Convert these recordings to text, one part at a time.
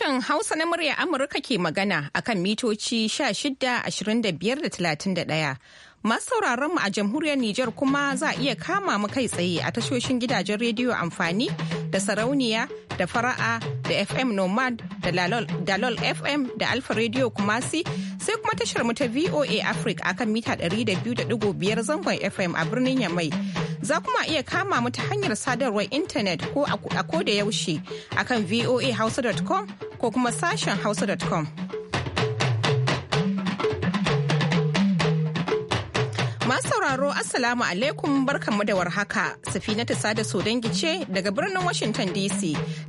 sashen Hausa na murya Amurka ke magana akan mitoci 16, 25 da ɗaya. Masu sauraron mu a jamhuriyar Nijar kuma za a iya kama mu kai tsaye a tashoshin gidajen rediyo amfani da sarauniya da fara'a da fm nomad da dalol fm da alfa radio kumasi sai kuma tashar mu ta voa africa akan mita 200.5 zangon fm a birnin yamai za kuma iya kama mu ta hanyar sadarwar intanet ko a koda yaushe akan voahausa.com ko kuma sashen hausa.com Masu sauraro Assalamu alaikum barkanmu da warhaka. Safinatu Sada Sodangi ce daga birnin Washington DC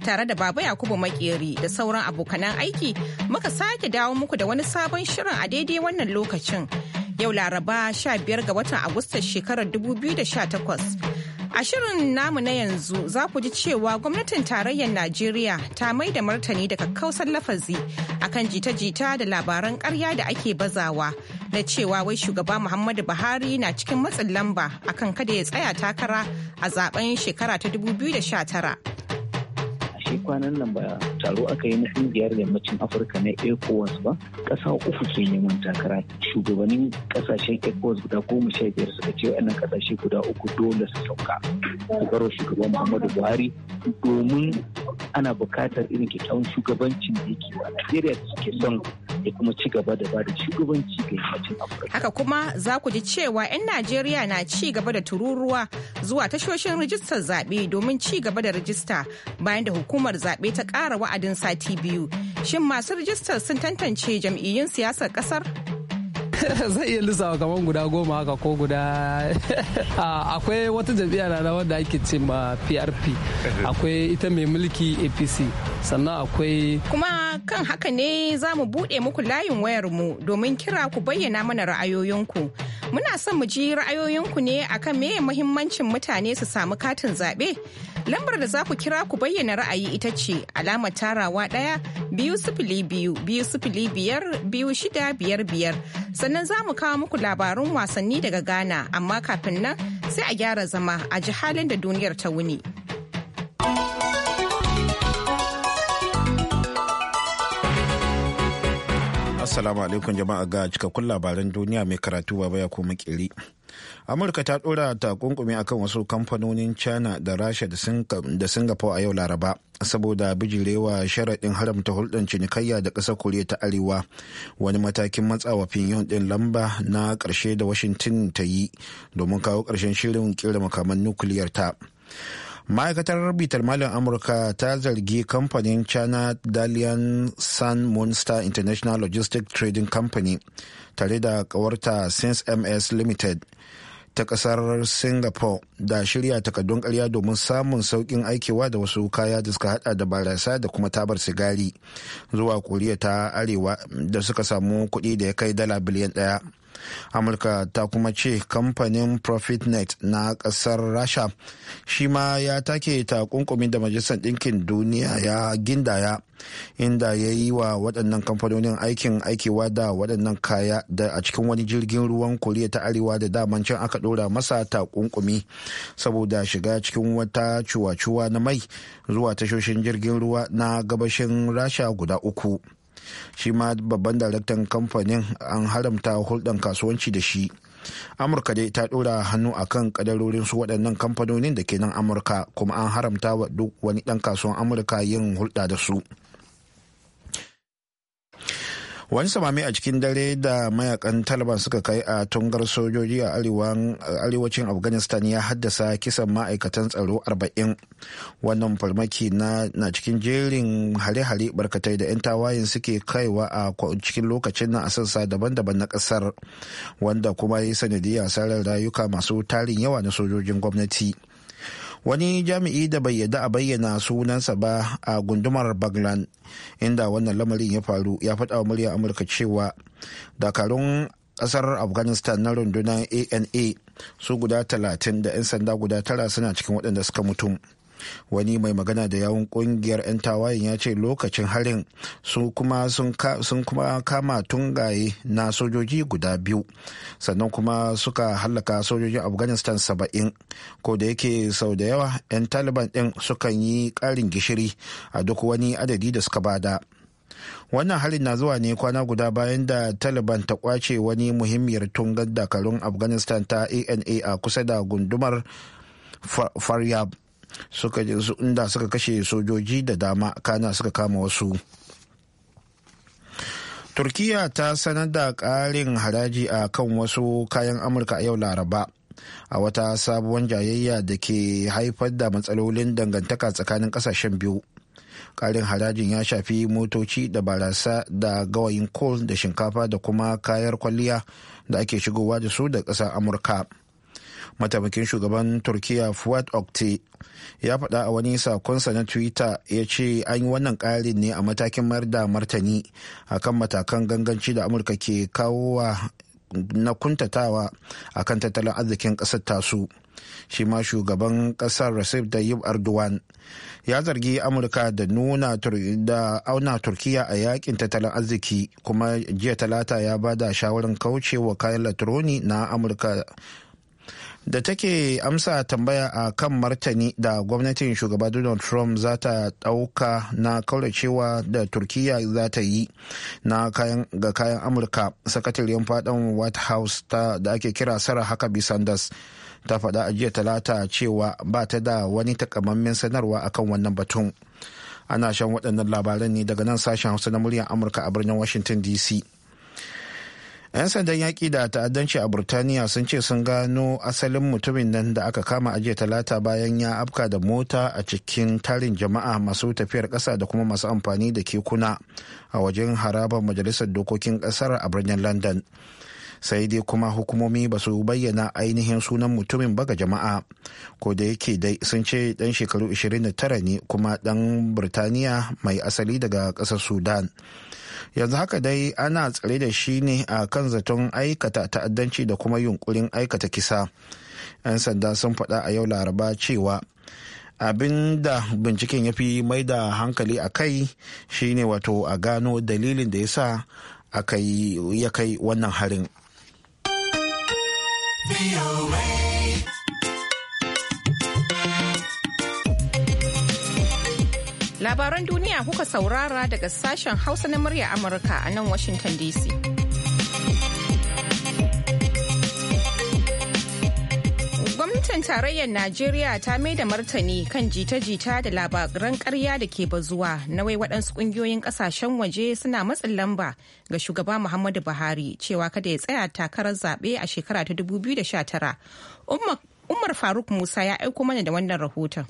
tare da Baba Yakubu Makeri da sauran abokanan aiki muka sake dawo muku da wani sabon shirin a daidai wannan lokacin. Yau Laraba 15 ga watan Agustus shekarar 2018. A shirin namu na yanzu za ku ji cewa gwamnatin tarayyar Najeriya ta mai da martani daga kausar lafazi akan jita-jita da labaran karya da ake bazawa na cewa wai shugaba Muhammadu Buhari na cikin matsin lamba akan kada ya tsaya takara a zaben shekara ta 2019. a kwanan nan ba taro aka yi na ƙungiyar yammacin afirka na ecowas ba ƙasa uku ke neman takara shugabannin ƙasashen ecowas guda goma sha biyar suka ce waɗannan ƙasashe guda uku dole su sauka su baro shugaban muhammadu buhari domin ana bukatar irin kyakkyawan shugabancin da yake wa najeriya da suke son da kuma ci gaba da bada shugabanci ga yammacin Afirka. Haka kuma za ku ji cewa 'yan Najeriya na ci gaba da tururuwa zuwa tashoshin rijistar zaɓe domin ci gaba da rijista bayan da hukumar zaɓe ta ƙara wa'adin sati biyu. Shin masu rijistar sun tantance jam'iyyun siyasar ƙasar? zai iya lissawa kamar guda goma haka ko guda akwai wata jam'iyya na da wanda ake ce ma prp akwai ita mai mulki apc sannan akwai kuma kan haka ne za mu buɗe muku layin wayarmu domin kira ku bayyana mana ra'ayoyinku. Muna son mu ji ra'ayoyinku ne akan me muhimmancin mutane su samu katin zaɓe. Lambar da za ku kira ku bayyana ra'ayi ita ce alamar tarawa ɗaya biyu sifili biyu biyu sifili biyar biyu shida biyar biyar. Sannan za mu kawo muku labarun wasanni daga Ghana amma kafin nan sai a gyara zama a ji halin da duniyar ta wuni. Assalamu alaikum jama'a ga cikakkun labaran duniya mai karatu ba ya kuma kiri. Amurka ta dora takunkumi akan wasu kamfanonin China da Rasha da Singapore a yau Laraba saboda bijirewa sharaɗin haramta hulɗar cinikayya da ƙasar Koriya ta Arewa wani matakin matsawa Pyongyang ɗin lamba na ƙarshe da Washington ta yi domin kawo ƙarshen shirin ƙera makaman nukiliyar ta. ma'aikatar rubutar malin amurka ta zargi kamfanin china dalian sun monster international logistic trading company tare da kawarta sins ms limited ta kasar singapore da shirya takardun karya domin samun saukin aikewa da wasu kaya da suka hada da barasa da kuma tabar sigari zuwa koriya ta arewa da suka samu kuɗi da ya kai dala biliyan ɗaya. amurka ta kuma ce kamfanin profitnet na kasar rasha shi ma ya take ta kunkumi da majalisar ɗinkin duniya ya gindaya inda ya yi wa waɗannan kamfanonin aikin aikewa da waɗannan kaya da a cikin wani jirgin ruwan koriya ta arewa da daman can aka ɗora masa takunkumi saboda shiga cikin wata cuwa-cuwa na mai zuwa tashoshin jirgin ruwa na gabashin rasha guda uku. shi ma babban daraktan kamfanin an haramta hulɗan kasuwanci da shi amurka dai ta ɗora hannu a kan ƙadarorin su waɗannan kamfanonin da ke nan amurka kuma an haramta wa duk wani ɗan kasuwan amurka yin hulɗa da su wani samami a cikin dare da mayakan taliban suka kai a tungar sojoji a arewacin afghanistan ya haddasa kisan ma'aikatan tsaro 40 wannan farmaki na cikin jerin hare-hare barkatai da 'yan tawayen suke kaiwa a cikin lokacin na daban-daban na kasar wanda kuma ya sanadiyar sarar rayuka masu tarin yawa na sojojin gwamnati. wani jami'i da bai yadda a bayyana sunansa ba a gundumar baglan inda wannan lamarin ya faru ya faɗa wa murya amurka cewa dakarun ƙasar afghanistan na rundunar ana su guda talatin da 'yan sanda guda tara suna cikin waɗanda suka mutum wani mai magana da yawun kungiyar 'yan tawayen ya ce lokacin harin sun kuma kama tungaye na sojoji guda biyu sannan kuma suka hallaka sojojin afghanistan saba'in ko da yake sau da yawa 'yan taliban ɗin sukan yi ƙarin gishiri a duk wani adadi da suka bada wannan harin na zuwa ne kwana guda bayan da taliban ta kwace wani muhimmiyar tungar dakarun afghanistan ta ana a kusa da gundumar faryab suka inda suka kashe sojoji da dama kana suka kama wasu turkiya ta sanar da ƙarin haraji a kan wasu kayan amurka a yau laraba a wata sabuwar jayayya da ke haifar da matsalolin dangantaka tsakanin ƙasashen biyu ƙarin harajin ya shafi motoci da barasa da gawayin kol da shinkafa da kuma kayar kwalliya da ake shigowa da su da ƙasar amurka mataimakin shugaban turkiya fuad okte ya faɗa a wani sakonsa na twitter ya ce an yi wannan ƙarin ne a matakin mayar da martani akan matakan ganganci da amurka ke kawo wa na kuntatawa akan tattalin arzikin ƙasar tasu shi ma shugaban ƙasar recep tayyip erdogan ya zargi amurka da nuna da auna turkiya a yakin tattalin arziki kuma jiya talata ya bada da shawarar kaucewa kayan latroni na amurka da take amsa tambaya a kan martani da gwamnatin shugaba donald trump za ta ɗauka na kauracewa da turkiya za ta yi na kayan ga kayan amurka sakatariyar fadan white house ta da ake kira sarah huckabee sanders ta faɗa a jiya talata cewa ba ta da wani takamammen sanarwa akan wannan batun ana shan waɗannan labaran ne daga nan sashen hausa na muryar amurka a birnin washington dc 'yan sandan yaƙi da ta'addanci a burtaniya sun ce sun gano asalin mutumin nan da aka kama ajiye talata bayan ya afka da mota a cikin tarin jama'a masu tafiyar ƙasa da kuma masu amfani da kekuna a wajen harabar majalisar dokokin ƙasar a birnin london sai dai kuma hukumomi ba su bayyana ainihin sunan mutumin ba ga jama'a ko da yake dai sun ce dan shekaru 29 ne kuma dan burtaniya mai asali daga ƙasar sudan yanzu haka dai ana tsare da shi ne a kan zaton aikata ta'addanci da kuma yunkurin aikata kisa 'yan sanda sun faɗa a yau laraba cewa abin da binciken ya fi mai da hankali a kai shine wato a gano dalilin da ya sa ya kai wannan harin. Labaran duniya kuka saurara daga sashen Hausa na murya Amurka a nan Washington DC. Gwamnatin tarayyar Najeriya ta mai da martani kan jita-jita da labaran karya da ke bazuwa na wai waɗansu ƙungiyoyin ƙasashen waje suna matsin lamba ga shugaba Muhammadu Buhari cewa kada ya tsaya takarar zaɓe a shekara ta 2019. Umar Faruk Musa ya aiko mana da wannan rahoton.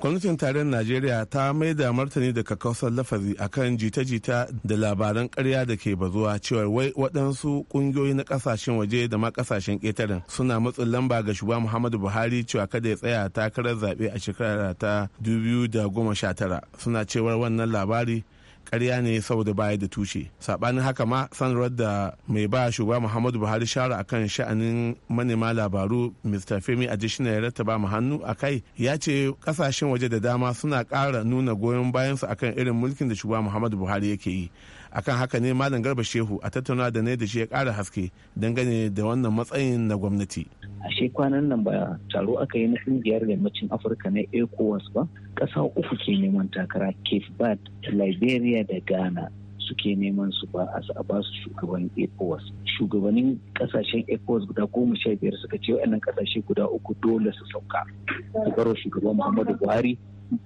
gwamnatin tarayyar najeriya ta mai da martani da kakausar lafazi akan jita-jita da labaran karya da ke bazuwa cewa wai waɗansu ƙungiyoyi na ƙasashen waje da ma ƙasashen ƙetaren suna matsin lamba ga shugaba muhammadu buhari cewa kada ya tsaya takarar zaɓe a shekara ta 2019 suna cewar wannan labari karya ne saboda baya da tushe sabanin haka ma sanarwar da mai ba shugaba muhammadu buhari shara akan sha'anin manema labaru mr femi adishina ya rattaba mu hannu a kai ya ce kasashen waje da dama suna ƙara nuna goyon bayansu akan irin mulkin da shugaba muhammadu buhari yake yi akan haka ne malam garba shehu a tattauna da ne da shi ya kara haske dangane da wannan matsayin na gwamnati a shi kwanan nan ba taro aka yi na ƙungiyar yammacin afirka na ecowas ba ƙasa uku ke neman takara cape verde liberia da ghana suke neman su ba a ba su shugaban ecowas shugabannin kasashen ecowas guda goma sha biyar suka ce waɗannan kasashe guda uku dole su sauka su shugaban muhammadu buhari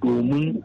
domin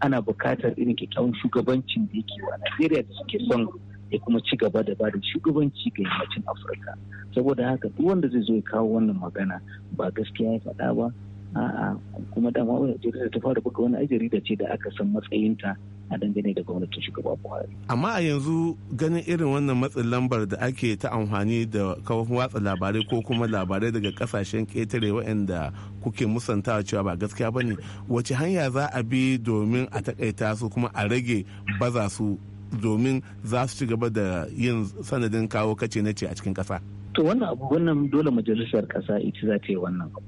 ana bukatar irin kyakkyawan shugabancin da yake wa najeriya da suke son ya kuma ci gaba da bada shugabanci ga yammacin afirka saboda haka duk wanda zai zo ya kawo wannan magana ba gaskiya ya faɗa ba a'a kuma dama wani jarida ta fara buga wani jarida ce da aka san matsayinta a dangane da gwamnatin shugaba buhari amma a yanzu ganin irin wannan matsin lambar da ake ta amfani da kafofin watsa labarai ko kuma labarai daga kasashen ketare waɗanda kuke musantawa cewa ba gaskiya bane wace hanya za a bi domin a takaita su kuma a rage baza su domin za su ci gaba da yin sanadin kawo kace na ce a cikin kasa to wannan abu wannan dole majalisar kasa ita za ta yi wannan abu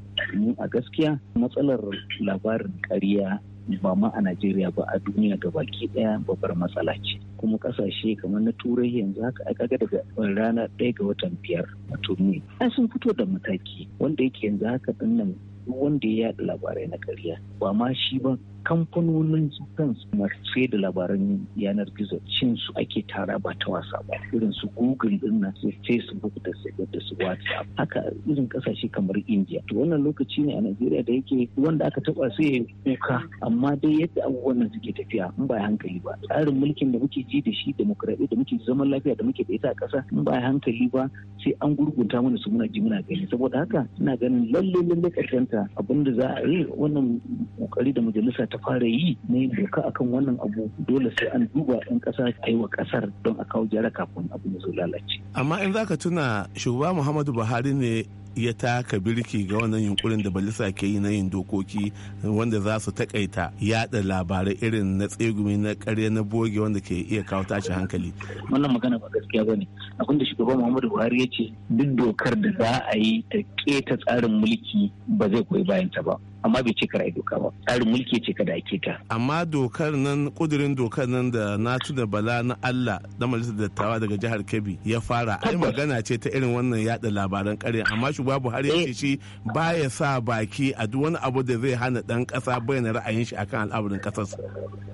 a gaskiya matsalar labarin ƙarya ba ma a Najeriya ba a duniya ga baki daya babbar matsala ce kuma kasashe kamar na turai yanzu haka a kaga daga rana ɗaya ga watan biyar a ne a sun fito da mataki wanda yake yanzu haka dinnan wanda ya yaɗa labarai na karya. ba ma shi ba kamfanonin kansu masu sai da labaran yanar gizo cin su ake tara ba ta wasa ba irin su google din na su facebook da da su whatsapp haka irin kasashe kamar india to wannan lokaci ne a najeriya da yake wanda aka taba su ya kuka amma dai yadda abubuwan nan suke tafiya in ba hankali ba tsarin mulkin da muke ji da shi demokradi da muke zaman lafiya da muke da ita a ƙasa in ba hankali ba sai an gurgunta mana su muna ji muna gani saboda haka ina ganin lalle lalle ƙarshenta abinda za a yi wannan kokari da majalisa ta fara yi na doka akan wannan abu dole sai an duba 'yan ƙasa a yi wa ƙasar don a kawo gyara kafin abu ya zo lalace. Amma in za ka tuna shugaba Muhammadu Buhari ne ya taka birki ga wannan yunkurin da balisa ke yi na yin dokoki wanda za su takaita yada labarai irin na tsegumi na karya na boge wanda ke iya kawo tashin hankali wannan magana ba gaskiya ba ne abin da shugaban muhammadu buhari ya ce duk dokar da za a yi ta keta tsarin mulki ba zai koyi bayanta ba amma bai ce kara doka ba tsarin mulki ce kada ake ta amma dokar nan kudirin dokar nan da na tuna bala na Allah da majalisar dattawa daga jihar Kebbi ya fara ai magana ce ta irin wannan yaɗa labaran ƙarya amma shugaba Buhari ya ce eh. shi baya sa baki a duk wani abu da zai hana dan ƙasa bayyana ra'ayin shi akan al'amarin ƙasarsa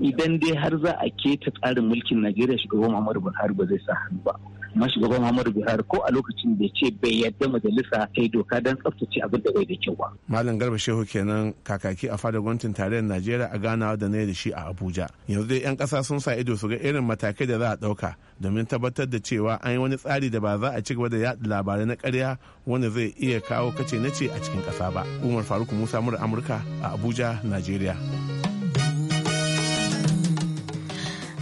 idan dai har za a keta tsarin mulkin Najeriya shugaban Muhammadu Buhari ba zai sa hannu ba mashigaban shugaban muhammadu buhari ko a lokacin da ce bai yarda majalisa ta yi doka don tsaftace abin da bai da kyau ba malam garba shehu kenan kakaki a fadar gwamnatin tarayyar najeriya a ganawa da na da shi a abuja yanzu dai yan ƙasa sun sa ido su ga irin matakai da za a ɗauka domin tabbatar da cewa an yi wani tsari da ba za a ci gaba da yaɗa labarai na ƙarya wanda zai iya kawo kace na ce a cikin ƙasa ba umar faruk musa mura amurka a abuja najeriya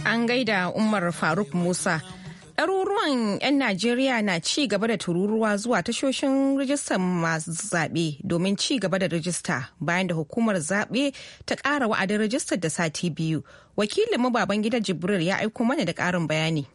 an gaida umar faruk musa Ɗaruruwan 'yan Najeriya na ci gaba da tururuwa zuwa tashoshin rijistar masu zaɓe domin ci gaba da rijista bayan da hukumar zaɓe ta ƙara wa'adin rijistar da sati biyu. Wakilin mu baban gida Jibril ya aiko mana da ƙarin bayani.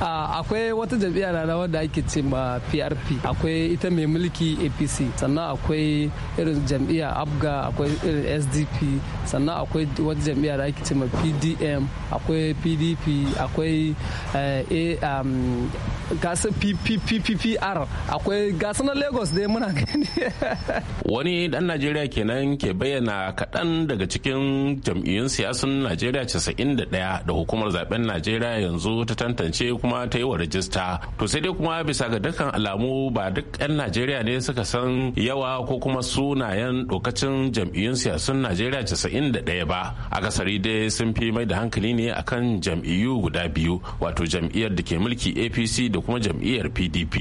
akwai wata jam'iyya na wanda ake ce ma PRP akwai ita mai mulki APC sannan akwai irin jam'iyya ABGA akwai irin SDP sannan akwai wata jam'iyya da ake ce ma PDM akwai PDP akwai eh, um, gasar PPPR akwai gasa na Lagos dai muna gani wani dan Najeriya kenan ke bayyana kaɗan daga cikin jam'iyyun siyasun Najeriya 91 da hukumar zaben Najeriya yanzu ta tantance kuma ta yi wa rajista to sai dai kuma bisa ga dukkan alamu ba duk 'yan najeriya ne suka san yawa ko kuma sunayen dokacin jam'iyyun siyasun najeriya 91 ba akasari dai sun fi mai da hankali ne akan jam'iyyu guda biyu wato jam'iyyar da ke mulki apc da kuma jam'iyyar pdp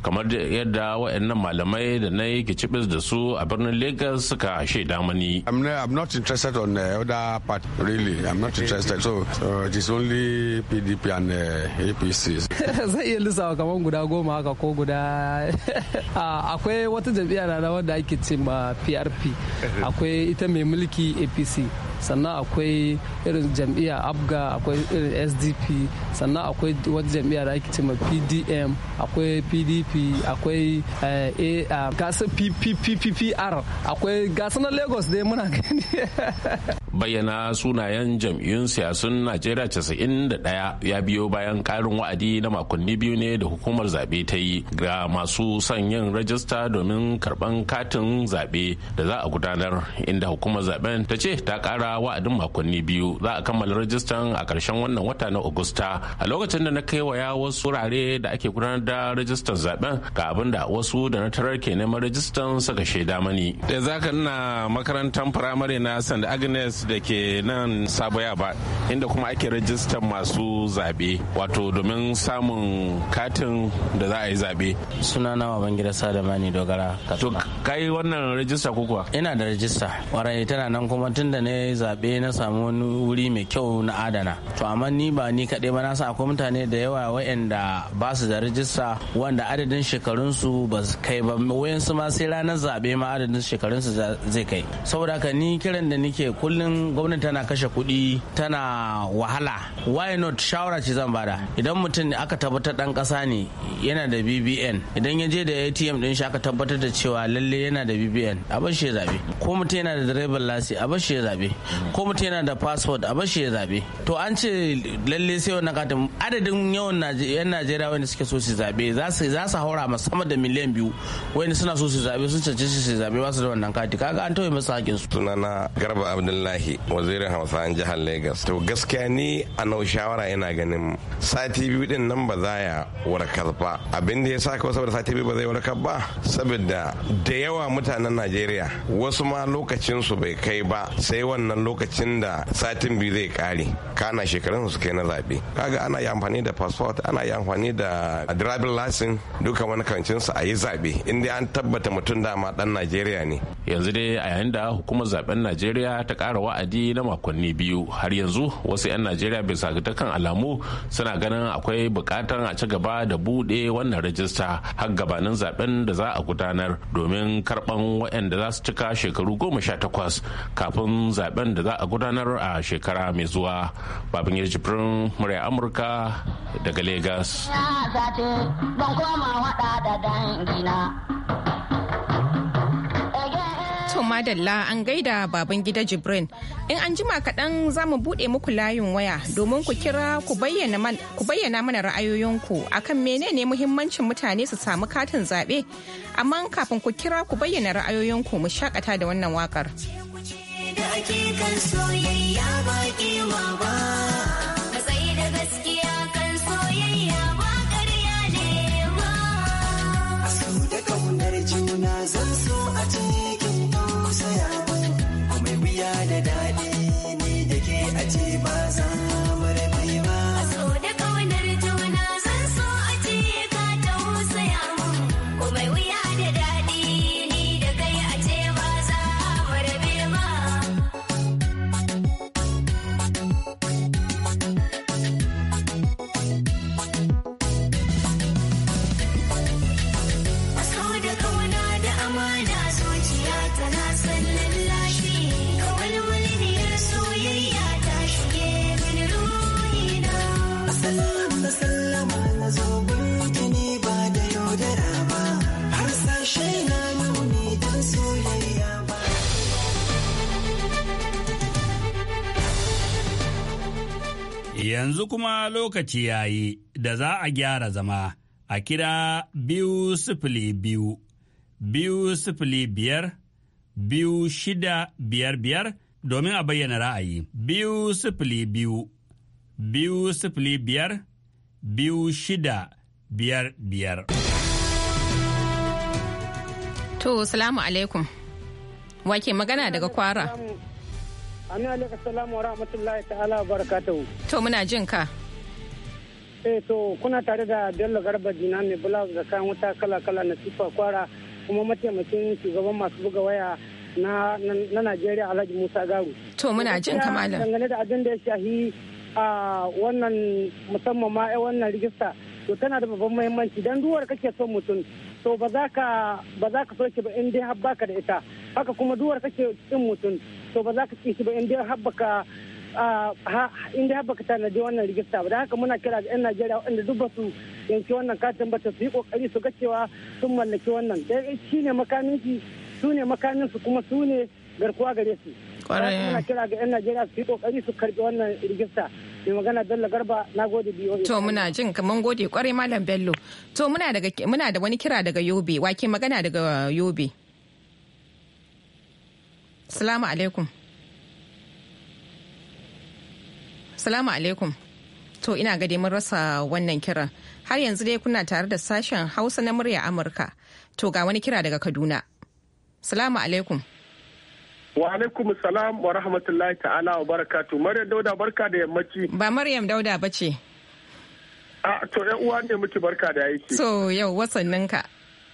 kamar da yadda waɗannan malamai da na yi kicibis da su a birnin lagos suka shaida mani i'm not interested on uh, the part really i'm not interested so uh, it is only pdp and uh, apc zai iya lissawa kamar guda goma haka ko guda ah, akwai wata jam'iyya na da wanda ake ce ma prp akwai ita mai mulki apc sannan akwai irin jam'iyya abga akwai irin sdp sannan akwai wata jam'iyya da ake ma pdm akwai pdp akwai eh, eh, a. Ah, gasa pppr akwai gasa na lagos dai muna gani bayyana sunayen jam'iyyun siyasun najeriya casa'in da ɗaya ya biyo bayan karin wa'adi na makonni biyu ne da hukumar zabe ta yi ga masu son yin rajista domin karɓar katin zaɓe da za a gudanar inda hukumar zaɓen ta ce ta kara wa'adin makonni biyu za a kammala rajistan a karshen wannan wata na agusta a lokacin da na kai wa wasu wurare da ake gudanar da rajistan zaben ga abin da wasu da na tarar ke neman rajistan suka shaida mani da zaka ina makarantar firamare na sand agnes da ke nan sabo ba inda kuma ake rajistan masu zaɓe wato domin samun katin da za a yi zaɓe suna nawa ban gida sada mani dogara to kai wannan rajista ko kuwa ina da rajista warai tana nan kuma tun da na yi zaɓe na samu wani wuri mai kyau na adana to amma ni ba ni kaɗai ba na san akwai mutane da yawa wa'anda ba su da rajista wanda adadin shekarunsu ba su kai ba wayansu ma sai ranar zaɓe ma adadin shekarunsu zai kai saboda ka ni kiran da nike kullum gwamnati tana kashe kuɗi tana wahala why not shawara ce zan bada idan mutum ne aka tabbatar dan ƙasa ne yana da bbn idan ya je da atm din shi aka tabbatar da cewa lalle yana da bbn a bar shi ya zabe ko mutum yana da direban lasi a bar shi ya zabe ko mutum yana da passport a bar shi ya zabe to an ce lalle sai wannan katin adadin yawan yan najeriya wanda suke so su zabe za su za su haura sama da miliyan biyu wanda suna so su zabe sun cancanci su zabe ba su da wannan kati kaga an tauye masa hakkin su sunana garba abdullahi abdullahi wazirin hausawan jihar legas to gaskiya ni a nau shawara ina ganin sati biyu din nan ba za ya warkar ba abin da ya sa kawai saboda sati biyu ba zai warkar ba saboda da yawa mutanen najeriya wasu ma lokacin su bai kai ba sai wannan lokacin da satin biyu zai kare kana shekarun su kai na zabe kaga ana yi amfani da passport ana yi amfani da driving license duka wani kancin su a yi zabe in inda an tabbata mutum dama dan najeriya ne yanzu dai a yayin da hukumar zaben najeriya ta wa. wa'adi na makonni biyu har yanzu wasu 'yan najeriya bisa ga dukkan alamu suna ganin akwai bukatar a ci gaba da bude wannan rajista har gabanin zaben da za a gudanar domin karɓan waɗanda za su cika shekaru goma sha takwas kafin zaben da za a gudanar a shekara mai zuwa babin ya murya amurka daga lagos To madalla an gaida baban gida Jibrin. In an jima kaɗan za mu buɗe muku layin waya domin ku kira ku bayyana mana ra'ayoyinku akan menene muhimmancin mutane su samu katin zaɓe. Amma kafin ku kira ku bayyana ra'ayoyinku mu shakata da wannan waƙar. Da soyayya kuma lokaci ya yi da za a gyara zama a kira biyu sifili biyu, biyu sifili biyar, biyu shida biyar biyar domin a bayyana ra'ayi. Biyu sifili biyu, biyu sifili biyar, biyu shida biyar biyar. To, salamu alaikum. Wake magana daga kwara. Amin alaikar salamu wa rahmatullahi ta'ala barakatuhu. To muna jin ka. Eh to kuna tare da Bello Garba Jina mai bula da kayan wuta kala-kala na tufa kwara kuma mataimakin shugaban masu buga waya na Najeriya Alhaji Musa Garu. To muna jin ka malam. Dangane da abin da ya shahi a wannan musamman ma eh, wannan rijista to tana da babban muhimmanci dan duwar kake son mutum to ba za ka ba so ki ba in dai har baka da ita haka kuma duwar kake cin mutum to ba za ka ci shi ba inda habbaka inda habbaka in dai tanadi wannan rigista ba da haka muna kira ga 'yan Najeriya waɗanda duk basu yanke wannan katin ba ta su yi kokari su ga cewa sun mallaki wannan da shi ne makaminci su ne makaminsu kuma su ne garkuwa gare su. Muna kira ga 'yan Najeriya su yi kokari su karbi wannan rigista. Mai magana Bello Garba na gode biyo. To muna jin kaman gode kwarai Malam Bello. To muna da wani kira daga Yobe, wake magana daga Yobe. salamu alaikum salamu alaikum to ina gade mun rasa wannan kiran har yanzu dai kuna tare da sashen hausa na murya amurka to ga wani kira daga kaduna salamu alaikum wa alaikum salam wa rahmatullahi ta'ala wa barakatu maryam dauda barka da yammaci ba maryam dauda ba ce a to yan uwa ne muke barka da aiki so yau wasanninka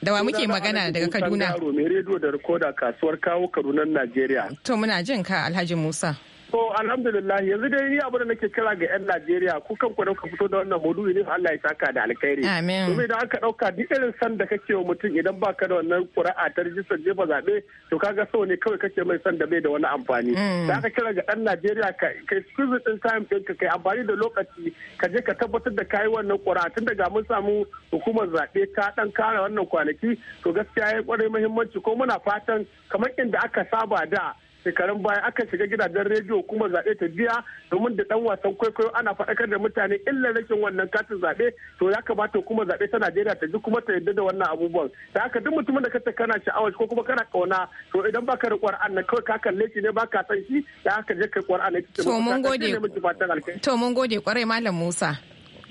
Da wa muke magana daga Kaduna? Yaro mai rediyo da rikoda kasuwar kawo Kaduna Najeriya. To muna jin ka Alhaji Musa. To alhamdulillah yanzu dai ni abin da nake kira ga 'yan Najeriya ku kanku da ka fito da wannan maudu'i ne Allah ya saka da alkhairi. Amin. Domin idan aka dauka duk irin san da kake wa mutum idan baka da wannan ƙuri'a ta rijistar jefa zaɓe to kaga so ne kawai kake mai san da bai da wani amfani. Mm. Da aka kira ga dan Najeriya ka kai excuse din time ɗinka kai amfani da lokaci ka je ka tabbatar da kayi wannan ƙuri'a tun daga mun samu hukumar zaɓe ta dan kare wannan kwanaki to gaskiya ya kwarai muhimmanci ko muna fatan kamar inda aka saba da shekarun baya aka shiga gidajen rediyo kuma zaɓe ta biya domin da ɗan wasan kwaikwayo ana faɗakar da mutane illa rashin wannan katin zaɓe to ya kamata kuma zaɓe ta Najeriya ta ji kuma ta yadda da wannan abubuwan da haka duk mutumin da kata kana sha'awa ko kuma kana ƙauna to idan baka da ƙwar'an na kawai ka kalle shi ne ka san shi da haka je ƙwar'an na ne to mun gode to mun gode kwarai malam Musa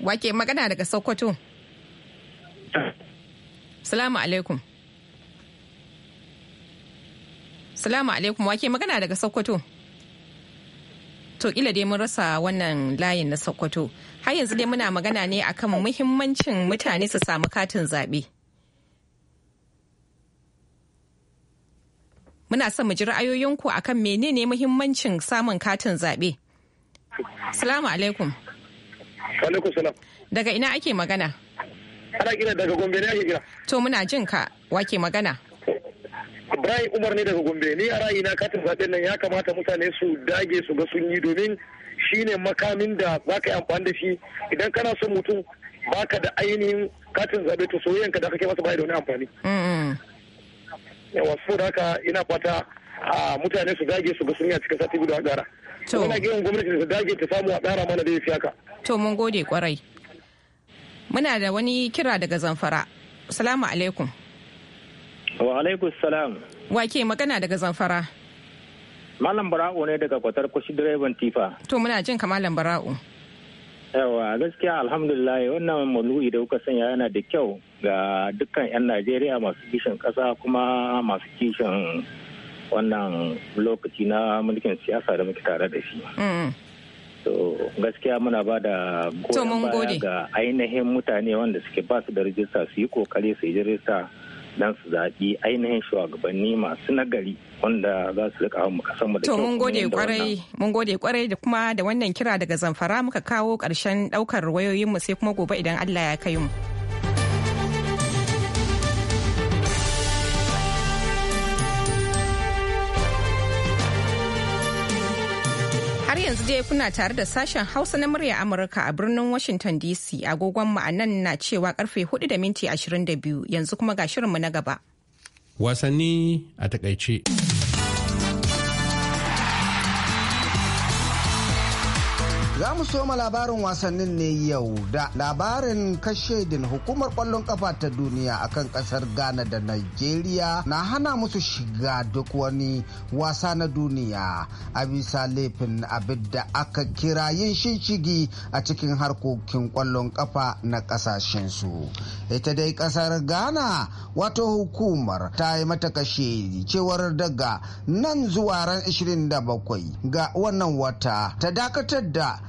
wake magana daga Sokoto Salamu alaikum. Salamu alaikum wake magana daga Sokoto. To ila dai mun rasa wannan layin na Sokoto. Har yanzu dai muna magana ne akan muhimmancin mutane su samu katin zaɓe. Muna son mu ji ra'ayoyinku akan menene muhimmancin samun katin zaɓe. Salamu alaikum. Alaikum salam. Daga ina ake magana? Ana kira daga Gombe ne ake kira. To muna jin ka wake magana. Ibrahim Umar ne daga Gombe ni a ra'ayina katin zaɓen nan ya kamata mutane su dage su ga sun yi domin shine makamin da za ka yi amfani da shi idan kana son mutum baka da ainihin katin zaɓe to soyayyanka da kake masa baya da wani amfani. Yawa da haka ina fata a mutane su dage su ga sun yi a cikin sati guda gara. To. Muna gidan gwamnati dage ta samu a ɗara mana da ya haka. To mun gode kwarai. Muna da wani kira daga zamfara. Salamu alaikum. Wa alaikus salam. Wa ke magana daga zamfara? Malam Bara'u ne daga kwatar kushi direban tifa. To muna jin ka Malam Bara'u. Yawa gaskiya alhamdulillah wannan malu'i da kuka sanya yana da kyau ga dukkan 'yan Najeriya masu kishin ƙasa kuma masu kishin wannan lokaci na mulkin siyasa da muke tare da shi. Mm. to gaskiya muna ba da goyon baya ga ainihin mutane wanda suke ba su da rijista su yi kokari su yi rijista dan su zaɓi ainihin shugabanni masu nagari wanda za su rika mu kasan mu da kyau. mun gode kwarai, mun gode kwarai da kuma da wannan kira daga zamfara muka kawo ƙarshen ɗaukar wayoyin mu sai kuma gobe idan Allah ya kai mu. yanzu dai kuna tare da sashen Hausa na murya Amurka a birnin Washington DC agogon mu nan na cewa karfe 4 da minti 22 yanzu kuma ga shirinmu na gaba. Wasanni a takaice. Za mu soma labarin wasannin ne yau da labarin din hukumar kwallon kafa ta duniya a kan kasar Ghana da Nigeria na hana musu shiga duk wani wasa na duniya a bisa laifin abin da aka kira yin shishigi a cikin harkokin kwallon kafa na kasashensu. Ita dai kasar Ghana wato hukumar ta yi mata kashe cewar daga nan zuwa ran 27 ga wannan wata ta dakatar da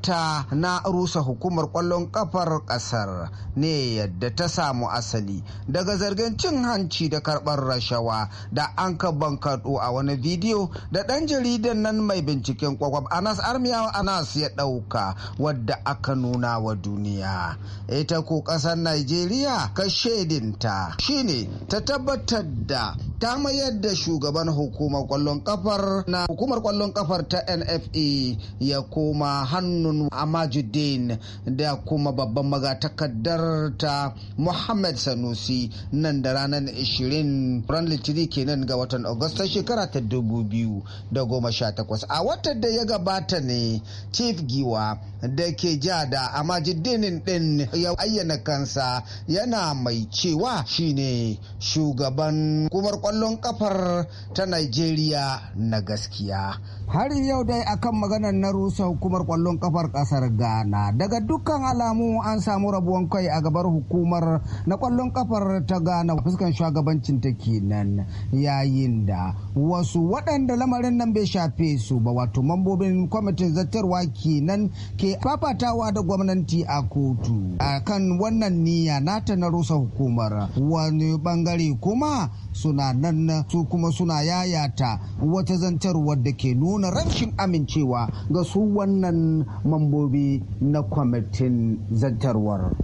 ta na rusa hukumar kwallon kafar kasar ne yadda ta samu asali daga zargin cin hanci da karbar rashawa da an ka bankaɗo a wani bidiyo da ɗan jaridan nan mai binciken kwakwab anas armiya anas ya ɗauka wadda aka nuna wa duniya ita ko ƙasar nigeria ka shaidinta shine ta tabbatar da ta mayar da shugaban hukumar kwallon kafar na hukumar kwallon kafar ta nfa ya koma kuma hannun amajuddin da kuma babban magatakardar ta muhammad sanusi nan da ranar 20 ran litini kenan ga watan agusta shekara ta dubu biyu da goma sha takwas a watan da ya gabata ne chief giwa da ke ja da majidinin din ya ayyana kansa yana mai cewa shine shugaban kumar kwallon kafar ta Najeriya na gaskiya. Har yau dai akan maganar na rusa hukumar kwallon kafar kasar Ghana daga dukkan alamu an samu rabuwan kai a gabar hukumar na kwallon kafar ta Ghana fuskan shugabancin ta kenan yayin da wasu waɗanda lamarin nan bai shafe su ba wato mambobin kwamitin zartarwa kenan ke fafatawa da gwamnati a kotu a kan wannan niyya nata na rusa hukumar wani bangare kuma suna nan su kuma suna yayata wata zantarwar da ke nuna rashin amincewa ga su wannan mambobi na kwamitin zantarwar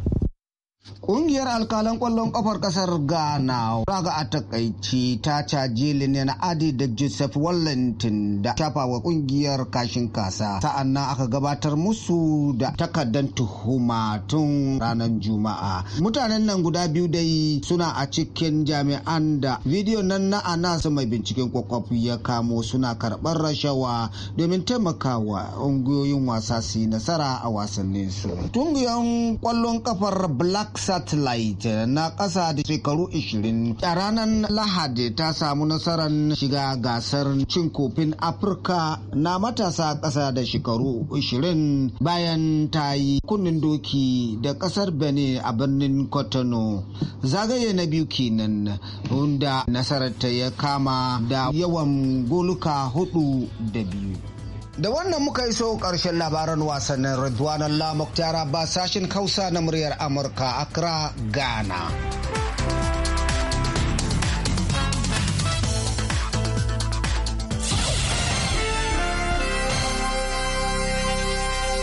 Kungiyar alkalan kwallon ƙafar ƙasar Ghana raga a takaici ta caji Linen Adi da Joseph Wallentin da shafa wa kungiyar kashin kasa. Sa'an nan aka gabatar musu da takardar tuhuma tun ranar Juma'a. Mutanen nan guda biyu dai suna a cikin jami'an da bidiyo nan na mai binciken kwakwafi ya kamo suna karɓar rashawa domin taimakawa ungiyoyin wasa su yi nasara a wasanninsu. Kungiyar kwallon ƙafar Black Satellite na ƙasa da shekaru 20 a ranar Lahadi ta samu nasarar shiga gasar cin kofin Afirka na matasa ƙasa da shekaru 20 bayan ta yi kunnin doki da ƙasar Benin a birnin Kotono. Zagaye na biyu kenan wanda nasarar ta ya kama da yawan goluka hudu da biyu. Da wannan muka yi so ƙarshen labaran wasannin Ridwan Allah Mukhtar ba sashin Hausa na muryar Amurka Accra, Ghana.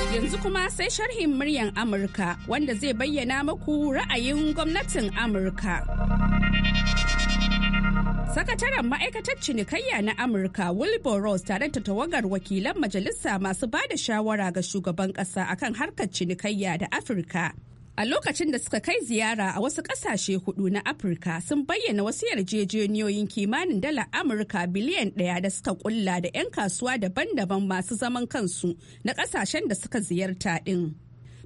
Yanzu kuma sai sharhin muryar Amurka wanda zai bayyana muku ra'ayin gwamnatin Amurka. Sakataren ma'aikatar cinikayya na Amurka Wilbur Ross tare da tawagar wakilan majalisa masu ba da shawara ga shugaban ƙasa akan harkar cinikayya da Afirka. A lokacin da suka kai ziyara a wasu ƙasashe hudu na Afirka sun bayyana wasu yarjejeniyoyin kimanin dala Amurka biliyan ɗaya da suka kulla da 'yan kasuwa daban-daban masu zaman kansu na ƙasashen da suka ziyarta ɗin.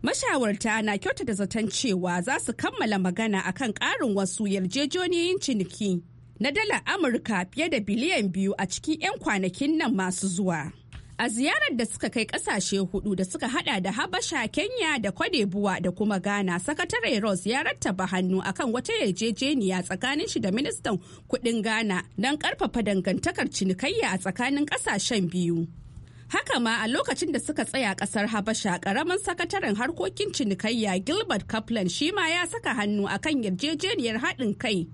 mashawarta na kyauta da zaton cewa za su kammala magana akan ƙarin wasu yarjejeniyoyin ciniki na dalar Amurka fiye da biliyan biyu a cikin 'yan kwanakin nan masu zuwa. A ziyarar da suka kai kasashe hudu da suka hada da Habasha, Kenya da Kwadebuwa da kuma Ghana, Sakatare Ross ya rattaba hannu akan wata yarjejeniya tsakanin shi da ministan kudin Ghana don karfafa dangantakar cinikayya a tsakanin kasashen biyu. Haka ma a lokacin da suka tsaya kasar Habasha karamin sakataren harkokin cinikayya Gilbert Kaplan shi ma ya saka hannu akan yarjejeniyar haɗin kai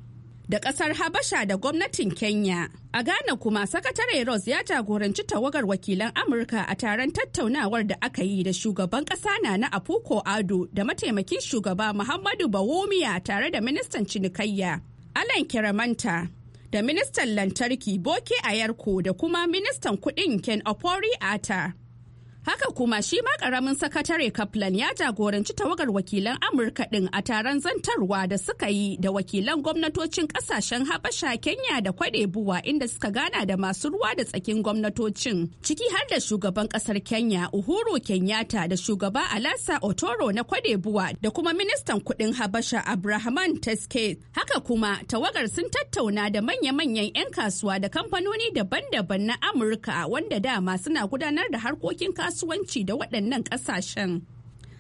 da kasar Habasha da gwamnatin Kenya. A Ghana kuma Sakatare Ross ya jagoranci tawagar wakilan Amurka a taron tattaunawar da aka yi da shugaban kasa na na Apuko Ado da mataimakin shugaba Muhammadu Bawumia tare da ministan cinikayya Alan Kiramanta. Da ministan lantarki Boke Ayarko da kuma ministan kuɗin Ken Opori Ata. Haka kuma shi ma karamin sakatare Kaplan ya jagoranci tawagar wakilan Amurka ɗin a taron zantarwa da suka yi da wakilan gwamnatocin ƙasashen Habasha, Kenya da Kwadebuwa inda suka gana da masu ruwa da tsakin gwamnatocin. Ciki har da shugaban ƙasar Kenya Uhuru Kenyatta da shugaba Alasa Otoro na Kwadebuwa da kuma ministan kuɗin Habasha Abrahaman Teske. Haka kuma tawagar sun tattauna da manya-manyan 'yan kasuwa da kamfanoni daban-daban na Amurka wanda dama suna gudanar da harkokin kasuwa kasuwanci da waɗannan ƙasashen.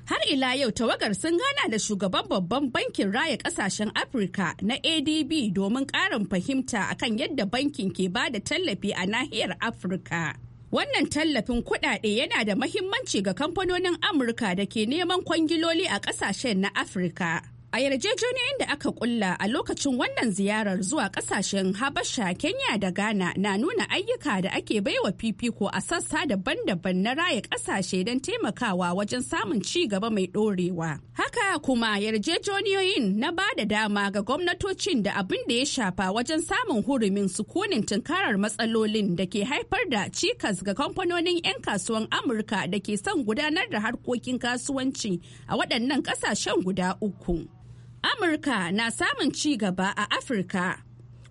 Har ila yau tawagar sun gana da shugaban babban bankin raya ƙasashen Afirka na ADB domin ƙarin fahimta akan yadda bankin ke ba da tallafi a nahiyar Afirka. Wannan tallafin kuɗaɗe yana da mahimmanci ga kamfanonin Amurka da ke neman kwangiloli a ƙasashen na Afirka. A yarjejeniyoyin da aka kulla a lokacin wannan ziyarar zuwa kasashen Habasha, Kenya da Ghana na nuna ayyuka da ake baiwa fifiko a sassa daban-daban na raya kasashe don taimakawa wajen samun ci gaba mai ɗorewa. Haka kuma yarjejeniyoyin na ba da dama ga gwamnatocin da abin da ya shafa wajen samun hurumin sukunin tunkarar matsalolin da ke haifar da cikas ga kamfanonin 'yan kasuwan Amurka da ke son gudanar da harkokin kasuwanci a waɗannan ƙasashen guda uku. Amurka na samun ci gaba a Afirka.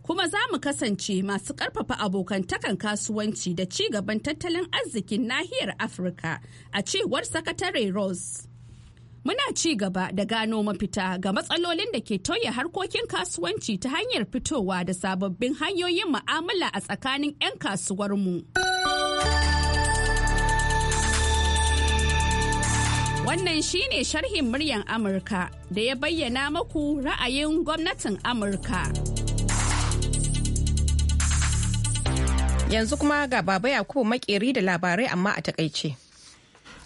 Kuma za mu kasance masu ƙarfafa abokantakan kasuwanci da ci gaban tattalin arzikin nahiyar Afirka a cewar Sakatare Rose. Muna ci gaba da gano mafita ga matsalolin da ke tauye harkokin kasuwanci ta hanyar fitowa da sababbin hanyoyin mu'amala a tsakanin 'yan kasuwar mu. Wannan shi ne sharhin muryan Amurka da ya bayyana maku ra'ayin gwamnatin Amurka. Yanzu kuma ga Baba Yakubu makeri da labarai amma a takaice.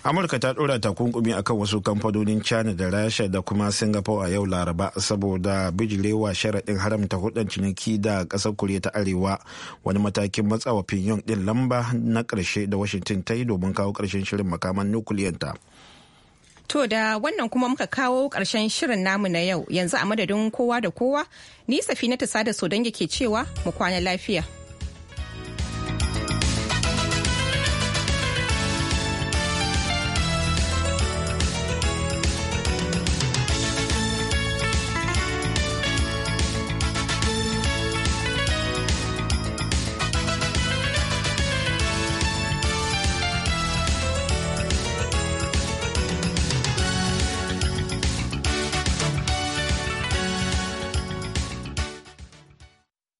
amurka ta dora takunkumi akan wasu kamfanonin china da rasha da kuma singapore a yau laraba saboda bijirewa sharaɗin haramta hudun ciniki da ƙasar koriya ta arewa wani matakin matsawa pinyon din lamba na ƙarshe da washington ta yi domin kawo ƙarshen shirin makaman nukuliyanta. ta To da wannan kuma muka kawo ƙarshen shirin namu na yau yanzu a madadin kowa da kowa, ni safina ta sada so dange ke cewa mu kwana lafiya.